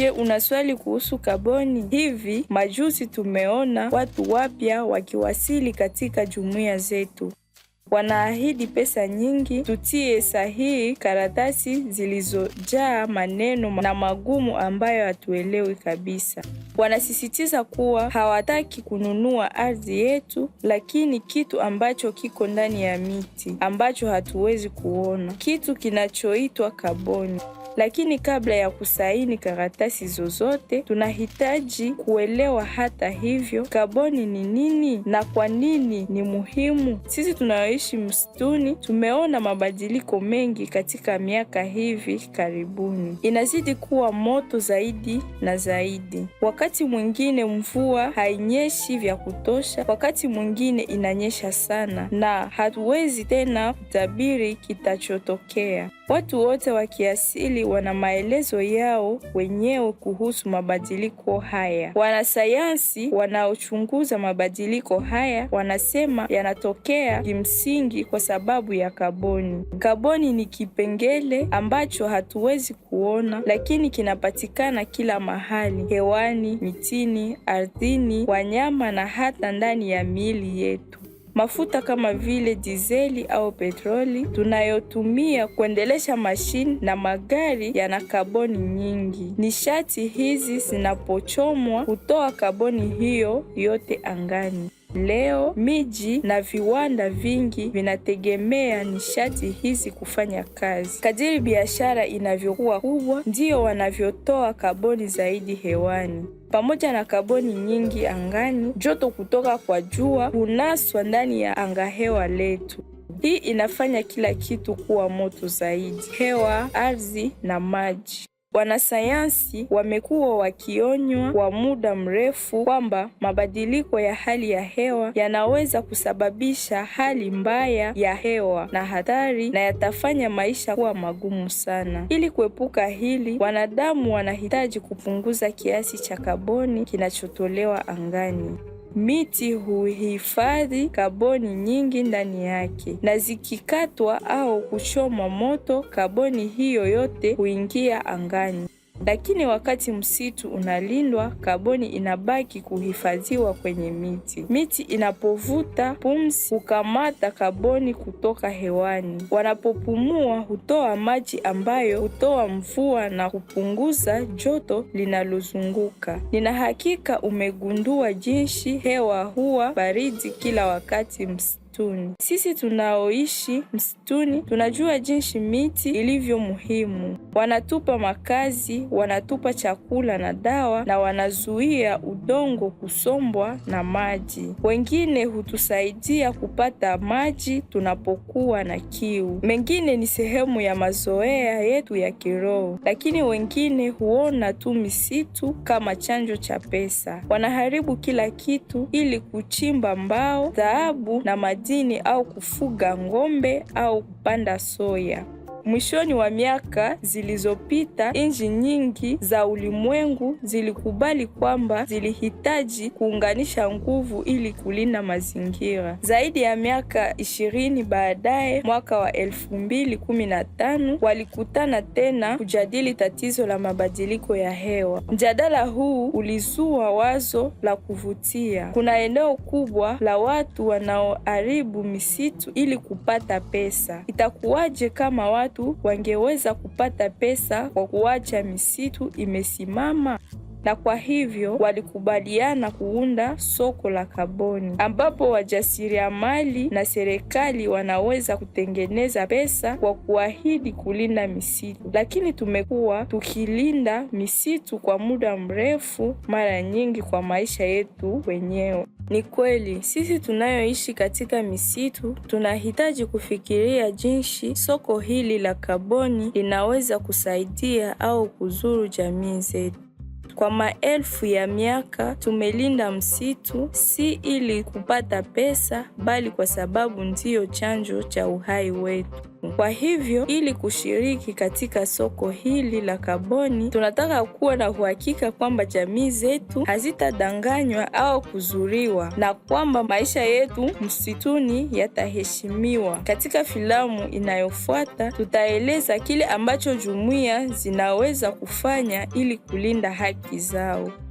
Je, una swali kuhusu kaboni? Hivi majuzi tumeona watu wapya wakiwasili katika jumuiya zetu wanaahidi pesa nyingi. Tutie sahihi karatasi zilizojaa maneno na magumu ambayo hatuelewi kabisa. Wanasisitiza kuwa hawataki kununua ardhi yetu, lakini kitu ambacho kiko ndani ya miti ambacho hatuwezi kuona, kitu kinachoitwa kaboni lakini kabla ya kusaini karatasi zozote, tunahitaji kuelewa hata hivyo kaboni ni nini na kwa nini ni muhimu. Sisi tunaoishi msituni tumeona mabadiliko mengi katika miaka hivi karibuni, inazidi kuwa moto zaidi na zaidi. Wakati mwingine mvua hainyeshi vya kutosha, wakati mwingine inanyesha sana, na hatuwezi tena kutabiri kitachotokea. Watu wote wa kiasili wana maelezo yao wenyewe kuhusu mabadiliko haya. Wanasayansi wanaochunguza mabadiliko haya wanasema yanatokea kimsingi kwa sababu ya kaboni. Kaboni ni kipengele ambacho hatuwezi kuona, lakini kinapatikana kila mahali: hewani, mitini, ardhini, wanyama na hata ndani ya miili yetu. Mafuta kama vile dizeli au petroli tunayotumia kuendelesha mashine na magari yana kaboni nyingi. Nishati hizi zinapochomwa hutoa kaboni hiyo yote angani. Leo miji na viwanda vingi vinategemea nishati hizi kufanya kazi. Kadiri biashara inavyokuwa kubwa, ndio wanavyotoa kaboni zaidi hewani. Pamoja na kaboni nyingi angani, joto kutoka kwa jua hunaswa ndani ya angahewa letu. Hii inafanya kila kitu kuwa moto zaidi: hewa, ardhi na maji. Wanasayansi wamekuwa wakionywa kwa muda mrefu kwamba mabadiliko ya hali ya hewa yanaweza kusababisha hali mbaya ya hewa na hatari na yatafanya maisha kuwa magumu sana. Ili kuepuka hili, wanadamu wanahitaji kupunguza kiasi cha kaboni kinachotolewa angani. Miti huhifadhi kaboni nyingi ndani yake, na zikikatwa au kuchomwa moto, kaboni hiyo yote huingia angani. Lakini wakati msitu unalindwa, kaboni inabaki kuhifadhiwa kwenye miti. Miti inapovuta pumzi hukamata kaboni kutoka hewani, wanapopumua hutoa maji ambayo hutoa mvua na kupunguza joto linalozunguka. Nina hakika umegundua jinsi hewa huwa baridi kila wakati msitu. Sisi tunaoishi msituni tunajua jinsi miti ilivyo muhimu wanatupa makazi, wanatupa chakula na dawa, na wanazuia udongo kusombwa na maji. Wengine hutusaidia kupata maji tunapokuwa na kiu. Mengine ni sehemu ya mazoea yetu ya kiroho, lakini wengine huona tu misitu kama chanjo cha pesa. Wanaharibu kila kitu ili kuchimba mbao, dhahabu na madini, au kufuga ng'ombe au kupanda soya. Mwishoni wa miaka zilizopita, nchi nyingi za ulimwengu zilikubali kwamba zilihitaji kuunganisha nguvu ili kulinda mazingira. Zaidi ya miaka ishirini baadaye, mwaka wa elfu mbili kumi na tano walikutana tena kujadili tatizo la mabadiliko ya hewa. Mjadala huu ulizua wazo la kuvutia: kuna eneo kubwa la watu wanaoharibu misitu ili kupata pesa, itakuwaje kama watu watu wangeweza kupata pesa kwa kuacha misitu imesimama? na kwa hivyo walikubaliana kuunda soko la kaboni ambapo wajasiriamali na serikali wanaweza kutengeneza pesa kwa kuahidi kulinda misitu. Lakini tumekuwa tukilinda misitu kwa muda mrefu, mara nyingi kwa maisha yetu wenyewe. Ni kweli sisi tunayoishi katika misitu tunahitaji kufikiria jinsi soko hili la kaboni linaweza kusaidia au kuzuru jamii zetu. Kwa maelfu ya miaka tumelinda msitu, si ili kupata pesa, bali kwa sababu ndiyo chanzo cha uhai wetu. Kwa hivyo, ili kushiriki katika soko hili la kaboni, tunataka kuwa na uhakika kwamba jamii zetu hazitadanganywa au kuzuriwa na kwamba maisha yetu msituni yataheshimiwa. Katika filamu inayofuata, tutaeleza kile ambacho jumuiya zinaweza kufanya ili kulinda haki Isao